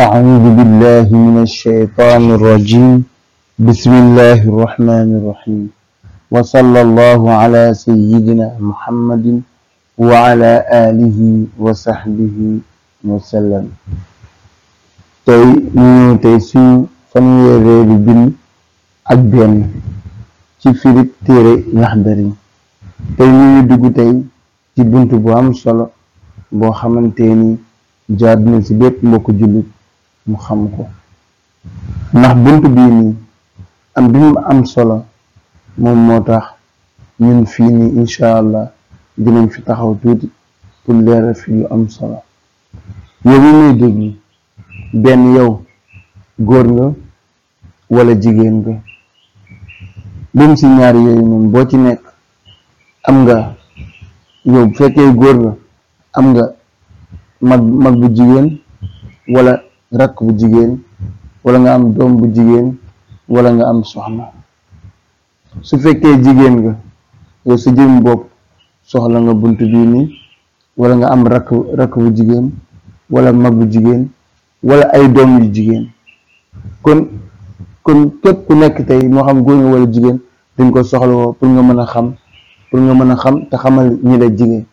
أعوذ بالله من الشيطان الرجيم بسم الله الرحمن الرحيم وصلى الله على سيدنا محمد وعلى آله وصحبه وسلم tey ñu ñëw tey suñu fanweeri bind ak benn ci firib téere Laxdari tey ñu ngi dugg tey ci bunt bu am solo boo xamante ni jaadu na ci bépp mbokku jullit mu xam ko ndax bunt bii nii am bi mu am solo moom moo tax ñun fii nii incha allah dinañ fi taxaw tuuti pour leeral fi yu am solo yow mi may déglu benn yow góor nga wala jigéen nga bum si ñaar yooyu moom boo ci nekk am nga yow bu fekkee góor nga am nga mag mag bu jigéen wala rakk bu jigéen walla nga am doom bu jigéen wala nga am soxna su fekkee jigéen ga yow sa jëm bopp soxla nga bunt bii nii wala nga am rakk rakk bu jigéen walla mag bu jigéen wala ay doom yu jigéen kon kon képp ku nekk tey moo xam góor nga wala jigéen dañ ko soxlawoo pour nga mën a xam pour nga mën a xam te xamal ñi la jigéen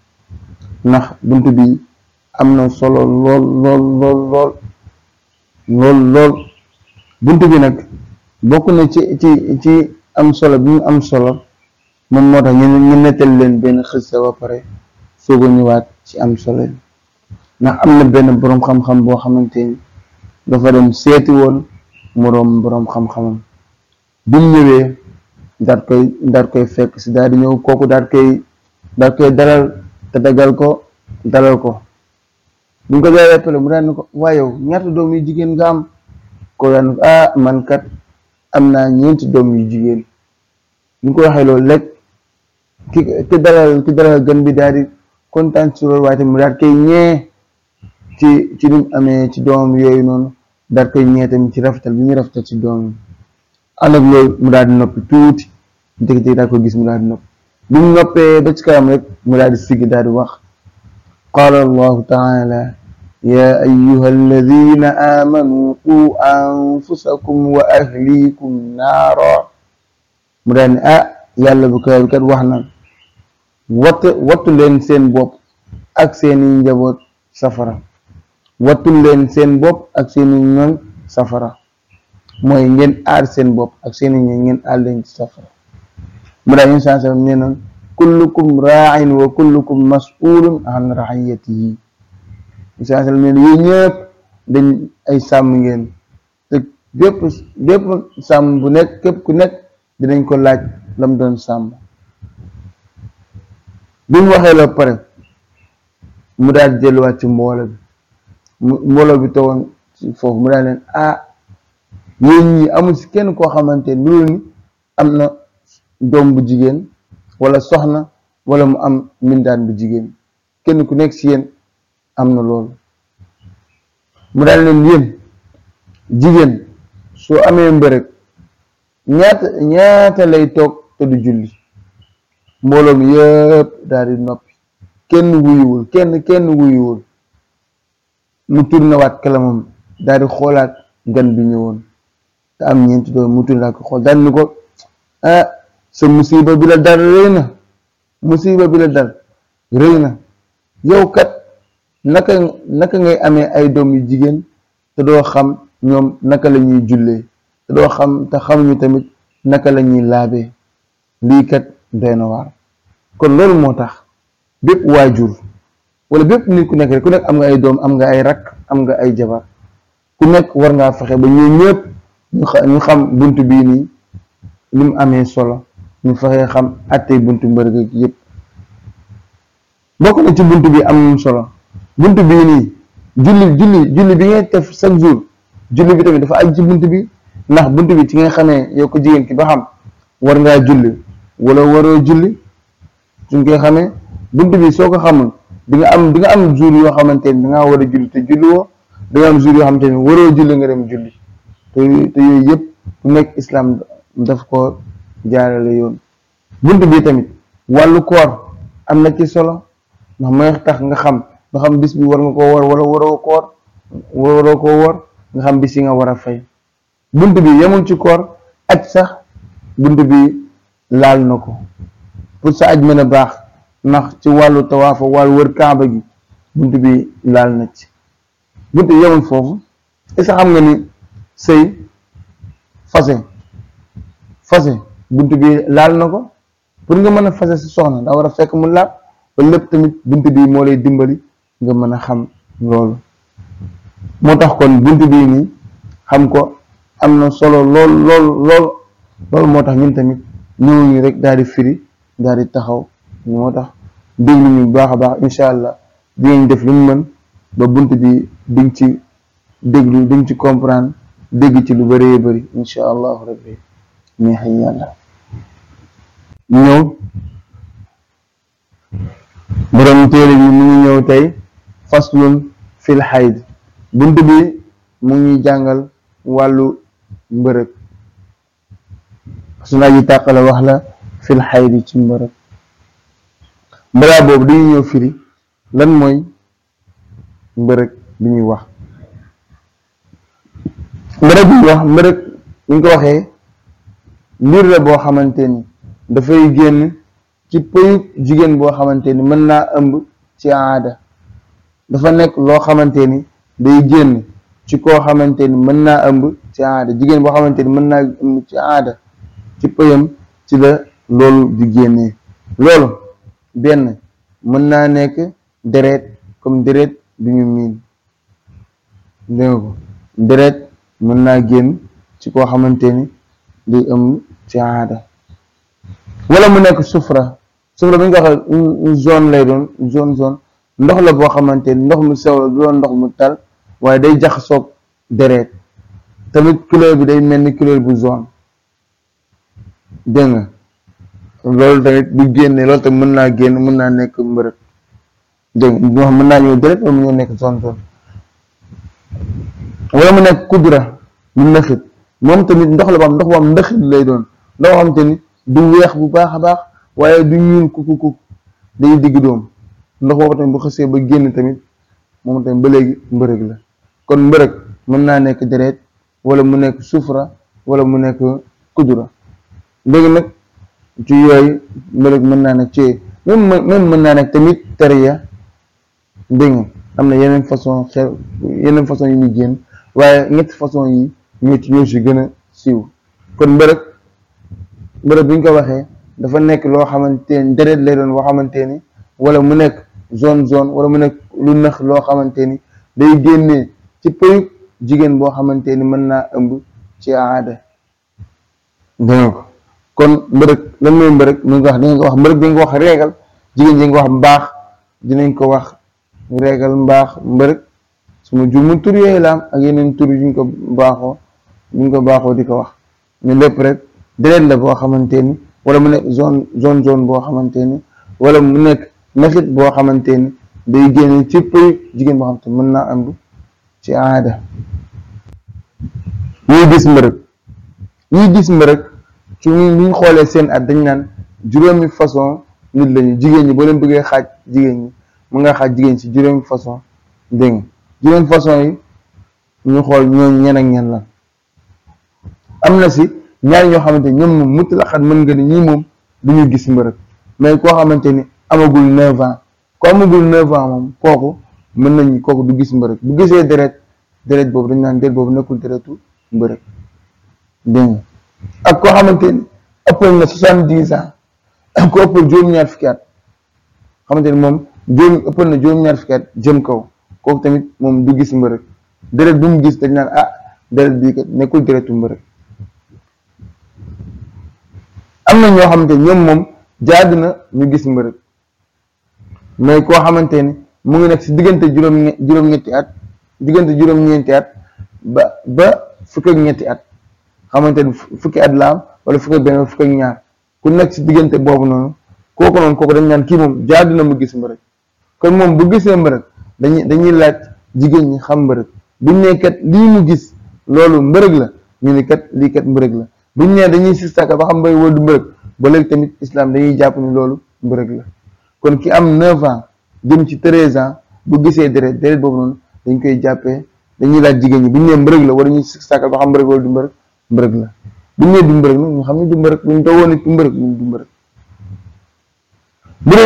ndax bunt bi am na solo lool lool lool lool lool lool bunt bi nag bokk na ci ci ci am solo bi mu am solo moom moo tax ñu ñu leen benn xista ba pare soog a ñëwaat ci am solo yi ndax am na benn boroom xam-xam boo xamante ni dafa dem seeti woon moroom boroom xam-xamam bi mu ñëwee daat koy daat koy fekk si daal di ñëw kooku daat koy daat koy dalal te dagal ko dalal ko bu ñu ko joxee pele mu ko waa yow doom yi jigéen nga am ko daan ne ko ah man kat am naa ñeenti doom yu jigéen ñu ko waxee loolu rek ki ki dalal ki dalal gan bi daal di kontaan ci loolu waaye tamit mu daal ñee ci ci lim amee ci doom yooyu noonu daal koy ñee ci rafetal bi ñu rafetal ci doom yi ànd ak mu daal di noppi tuuti dëgg-dëgg daal ko gis mu daal bi mu noppee ba ci kanam rek mu daal di daal di wax qaala allahu taala يا أيها الذين آمنوا قوا أنفسكم وأهليكم نارا مدان أ يالا بكار كات واخنا وات وات لين سين بوب ak seeni njaboot safara wattul leen seen bopp ak seeni ñoñ safara mooy ngeen aar seen bopp ak seeni ñoñ ngeen aar leen ci safara mu daa ñu sansa nee noon kullukum raa'in wa kullukum mas'ulun an ra'iyatihi saa sallam ne yooyu ñëpp dañ ay sàmm ngeen te bépp sàmm bu nekk képp ku nekk dinañ ko laaj lam doon sàmm bi mu waxee la pare mu daal jëluwaat ci mbooloo bi mbooloo bi toogoon ci foofu mu daal leen ah yéen ñi amul si kenn koo xamante ni loolu ni am na doom bu jigéen wala soxna wala mu am mindaan bu jigéen kenn ku nekk si yéen am na loolu mu daal leen yéen jigéen soo amee mbërëg ñaata ñaata lay toog te du julli mbooloo yëpp daal di noppi kenn wuyuwul kenn kenn wuyuwul mu tourné waat kalamam daal di xoolaat gan bi ñëwoon te am ñeenti doon mu tourné ko xool daal ni ko ah, sa musiba bi la dal rëy na musiba bi la dal rëy na yow kat naka naka ngay amee ay doom yu jigéen te doo xam ñoom naka la ñuy jullee te doo xam te xamuñu tamit naka la ñuy laabee lii kat doy kon loolu moo tax bépp waajur wala bépp nit ku nekk rek ku nekk am nga ay doom am nga ay rakk am nga ay jabar ku nekk war ngaa fexe ba ñoo ñëpp ñu xam bunt bii nii li mu amee solo ñu fexe xam àttee buntu mbërëg yëpp bokk na ci bunt bi am solo buntu bii nii julli julli julli bi ngay def chaque jour julli bi tamit dafa aj ci bunt bi ndax buntu bi ci nga xamee yow ko jigéen ki ba xam war ngaa julli wala waroo julli ci nga xamee buntu bi soo ko xamul di nga am di nga am jour yoo xamante ni da ngaa war a julli te julli woo da nga am jour yoo xamante ni waroo julli nga dem julli te yooyu yëpp bu nekk islam daf ko jaarale yoon buntu bi tamit wàllu koor am na ci solo ndax mooy tax nga xam. nga xam bis bi war nga koo war wala waroo koor waroo koo war nga xam bis yi nga war a fay bunt bi yemul ci koor aj sax bunt bi laal na ko pour sa aj mën a baax ndax ci wàllu tawaafa wàll wër kaaba gi bunt bi laal na ci bunt yemul foofu est-ce que xam nga ni sëy fase fase bunt bi laal na ko pour nga mën a fase si soxna daa war a fekk mu laal ba lépp tamit bunt bi moo lay dimbali nga mën a xam loolu moo tax kon bunt bii nii xam ko am na solo lool lool loolu moo tax ñun tamit ñëw ñu rek daal di firi daal di taxaw moo tax déglu ñu baax a baax incha allah dinañ def lu mu mën ba bunt bi diñ ci déglu diñ ci comprendre dégg ci lu bëree bari incha allahu rabbi neex yàlla ñëw borom téere bi mu ngi ñëw tey faslun fil xayd bunt bi mu ngi jàngal wàllu mbërëg suna ji tàqale wax la fil xayd ci mbërëg mbalaa boobu dañuy ñëw firi lan mooy mbërëg bi ñuy wax mbërëg bi ñuy wax mbërëg ñu ko waxee mbir la boo xamante ni dafay génn ci pëyub jigéen boo xamante ni mën naa ëmb ci aada dafa nekk loo xamante ni day génn ci koo xamante ni mën naa ëmb ci aada jigéen boo xamante ni mën naa ëmb ci aada ci pëyam ci la loolu di génnee loolu benn mën naa nekk deret comme deret bi ñu miin dégg ko deret mën naa génn ci koo xamante ni day ëmb ci aada wala mu nekk sufra sufra bi ñu ko waxee zone lay doon zone zone ndox la boo xamante ni ndox mu sew la du doon ndox mu tal waaye day jax jaxasoog deret tamit couleur bi day mel ni couleur bu jaune dégg nga loolu tamit bu génne loolu tamit mën naa génn mën naa nekk mbërëg dégg nga mën naa nekk jaune jaune wala mu nekk kudra mu nëxit moom tamit ndox la boo xam ndox boo xam nëxit lay doon ndox boo xam te ni du weex bu baax a baax waaye du ñuul kuku kuk day digg ndox boobu tamit bu xësee ba génn tamit moom tamit ba léegi mbërëg la kon mbërëg mën naa nekk deret wala mu nekk sufra wala mu nekk kudura léegi nag ci yooyu mbërëg mën naa nekk ci même même mën naa nekk tamit tariya dégg am na yeneen façon yeneen façon yi muy génn waaye ñetti façon yi ñetti ñoo si gën a siiw kon mbërëg mbërëg bi ñu ko waxee dafa nekk loo xamante ni deret lay doon boo xamante ni wala mu nekk zone zone wala mu nekk lu nëx loo xamante ni day génnee ci pëyug jigéen boo xamante ni mën naa ëmb ci aada dégg ko kon mbërëg lan mooy mbërëg ñu ngi wax dinañ ko wax mbërëg dinañ ko wax réegal jigéen dinañ ko wax mbaax dinañ ko wax réegal mbaax mbërëg su ma jur mu tur yooyu la ak yeneen tur yuñ ko baaxoo yuñ ko baaxoo di ko wax ñu lépp rek déret la boo xamante ni wala mu nekk zone zone zone boo xamante ni wala mu nekk méthode boo xamante ni day génne ci pëy jigéen boo xamante mën naa ëmb ci aada ñuy gis mbërëg ñuy gis mbërëg ci ñu xoolee seen at dañ naan juróomi façon nit lañu jigéen ñi boo leen bëggee xaaj jigéen ñi mën nga xaaj jigéen ci juróomi façon dégg nga juróomi façon yi ñu xool ñooñ ñen ak ñen la am na si ñaar yoo xamante ñoom moom mutlaqan mën nga ni ñii moom ñuy gis mbërëg mais koo xamante amagul neuf ans ku amagul ans kooku mën nañ kooku du gis mbërëg bu gisee deret deret boobu dañ naan deret boobu nekkul deretu mbërëg ak koo xamante ëppal na soixante dix ans ak ko ëppal juróom-ñaar fukki at xamante ni moom juróom ëppal na juróom-ñaar fukki jëm kaw kooku tamit moom du gis mbërëg deret bu mu gis dañ naan ah deret bii kat nekkul deretu mbërëg am na ñoo xamante ni ñoom moom jaadu na ñu gis mbërëg mais koo xamante ne mu ngi nekk si diggante juróom juróom-ñetti at diggante juróom-ñeenti at ba ba fukki ak ñetti at xamante ne fukki at la am wala fukki ak benn fukki ak ñaar ku nekk si diggante boobu noonu kooku noonu kooku dañ naan kii moom jaar na mu gis mbërëg kon moom bu gisee mbërëg dañuy dañuy laaj jigéen ñi xam mbërëg buñ ne kat lii mu gis loolu mbërëg la ñu ni kat lii kat mbërëg la buñ ne dañuy sistaka ba xam mbay woo du mbërëg ba léegi tamit islam dañuy jàpp ni loolu mbërëg la kon ki am 9 ans jëm ci 13 ans bu gisee deret deret boobu noonu dañ koy jàppee dañuy laaj jigéen ñi bu ñu nee mbërëg la wala ñu sàkkal ba xam mbërëg wala du mbërëg mbërëg la bu ñu nee du mbërëg xam ne du mbërëg bu ñu toogoon nit du mbërëg ñun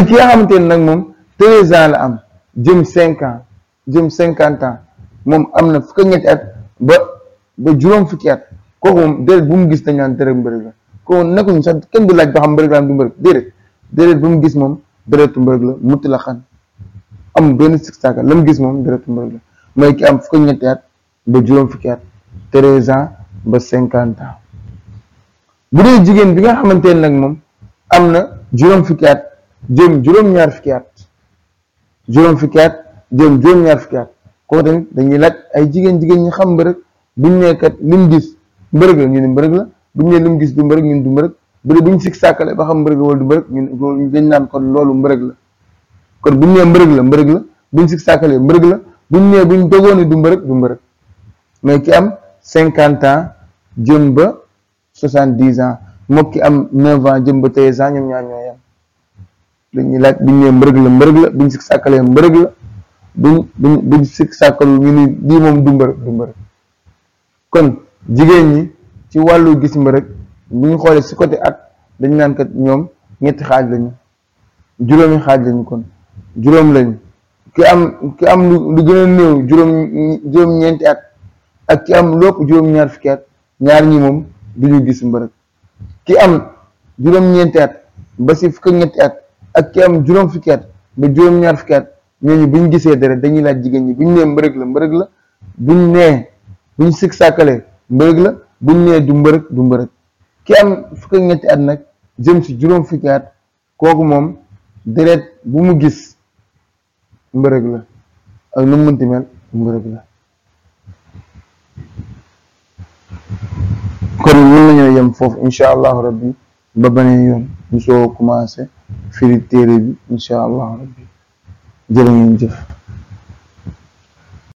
ki nga xamante ne nag moom 13 ans la am jëm 5 ans jëm 50 moom am na fukki ñetti at ba ba juróom fukki at kooku moom déedéet bu mu gis da dañ naan deret mbërëg la kooku nekkuñu sax kenn bu laaj ba xam mbërëg la am du mbërëg déedéet déedéet bu mu gis moom. deretu mbërëg la mutti la xan am benn six saka la gis moom deretu mbërëg la mooy ki am fukki ñetti at ba juróom fukki at treize ans ba cinquante ans bu dee jigéen bi nga xamante ne nag moom am na juróom fukki at jëm juróom-ñaar fukki at juróom fukki at jëm juróom-ñaar fukki at kooku tamit dañuy laaj ay jigéen jigéen ñi xam mbërëg buñ nekkat lim gis mbërëg la ñu ne mbërëg la buñ ne lim gis du mbërëg ñun du mbërëg bu ñu sig sàkkale ba xam mbërëg la wala du naan kon loolu mbërëg kon bu ñu nee mbërëg la mbërëg la bu ñu mbërëg la bu ñu nee ñu dogoo du mbërëg du mbërëg mais ki am cinquante ans jëm ba soixante dix ans mook ki am neuf ans ba treize ans ñoom ñaar ñooy la mbërëg la bu ñu sig sàkkale mbërëg la buñ buñ sàkkalu ñu ni lii moom du mbërëg du mbërëg kon jigéen ñi ci wàllu gis mbërëg bu ñu xoolee si côté at dañ naan kat ñoom ñetti xaaj lañu juróomi xaaj lañu kon juróom lañu ki am ki am lu gën a néew juróom ñeenti at ak ki am lépp juróom-ñaar fukki at ñaar ñi moom du ñu gis mbërëg ki am juróom-ñeenti at ba si fukk ñetti at ak ki am juróom fukki at ba juróom-ñaar fukki at ñooñu bu ñu gisee deret dañuy laaj jigéen ñi bu ñu nee mbërëg la mbërëg la bu ñu nee bu ñu sikk sàkkalee mbërëg la bu ñu nee du mbërëg du mbërëg. kenn am fukk ak ñetti nag jëm ci juróom fukki at kooku moom deret bu mu gis mbërëg la ak nu mu mënti mel mbërëg la kon mun nañoo yem foofu incha allahu rabbi ba baneen yoon ñu soo commencé firi téere bi incha allahu rabbi jërë ngeen jëf